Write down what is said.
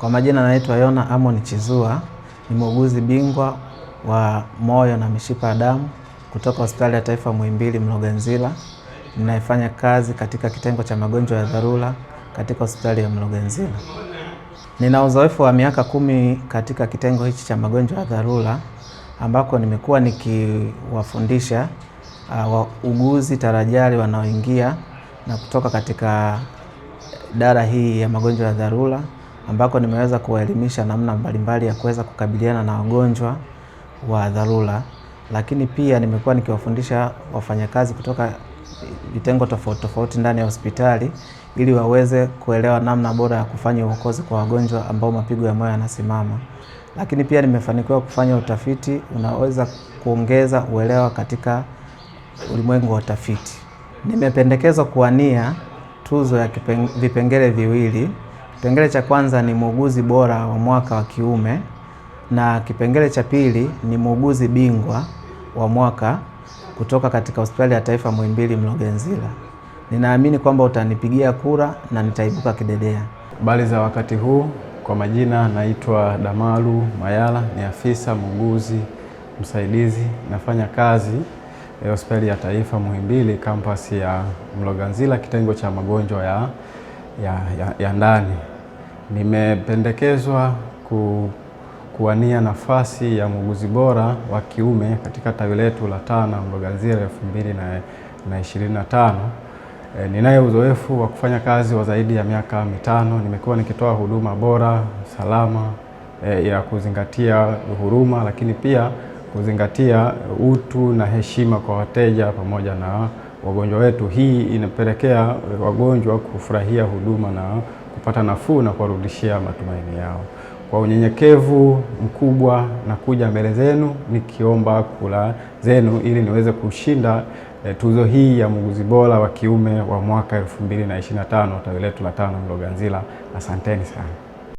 Kwa majina naitwa Yona Amon Chizua, ni muuguzi bingwa wa moyo na mishipa ya damu kutoka Hospitali ya Taifa Muhimbili Mloganzila. Ninafanya kazi katika kitengo cha magonjwa ya dharura katika Hospitali ya Mloganzila. Nina uzoefu wa miaka kumi katika kitengo hichi cha magonjwa ya dharura ambako nimekuwa nikiwafundisha uh, wauguzi tarajali wanaoingia na kutoka katika dara hii ya magonjwa ya dharura ambako nimeweza kuwaelimisha namna mbalimbali ya kuweza kukabiliana na wagonjwa wa dharura, lakini pia nimekuwa nikiwafundisha wafanyakazi kutoka vitengo tofauti tofauti ndani ya hospitali ili waweze kuelewa namna bora ya kufanya uokozi kwa wagonjwa ambao mapigo ya moyo yanasimama. Lakini pia nimefanikiwa kufanya utafiti unaweza kuongeza uelewa katika ulimwengu wa utafiti. Nimependekezwa kuwania tuzo ya vipengele viwili Kipengele cha kwanza ni muuguzi bora wa mwaka wa kiume na kipengele cha pili ni muuguzi bingwa wa mwaka kutoka katika Hospitali ya Taifa Muhimbili mlogenzila Ninaamini kwamba utanipigia kura na nitaibuka kidedea. Habari za wakati huu, kwa majina naitwa Damalu Mayala, ni afisa muuguzi msaidizi, nafanya kazi eh, Hospitali ya Taifa Muhimbili kampasi ya Mloganzila, kitengo cha magonjwa ya, ya, ya, ya ndani. Nimependekezwa ku, kuwania nafasi ya muuguzi bora wa kiume katika tawi letu la TANA Mloganzila 2025. E, ninaye uzoefu wa kufanya kazi wa zaidi ya miaka mitano. Nimekuwa nikitoa huduma bora, salama, e, ya kuzingatia huruma lakini pia kuzingatia utu na heshima kwa wateja pamoja na wagonjwa wetu. Hii inapelekea wagonjwa kufurahia huduma na kupata nafuu na kuwarudishia matumaini yao. Kwa unyenyekevu mkubwa na kuja mbele zenu nikiomba kula zenu ili niweze kushinda eh, tuzo hii ya muuguzi bora wa kiume wa mwaka 2025 tawi letu la tano Mloganzila. Asanteni sana.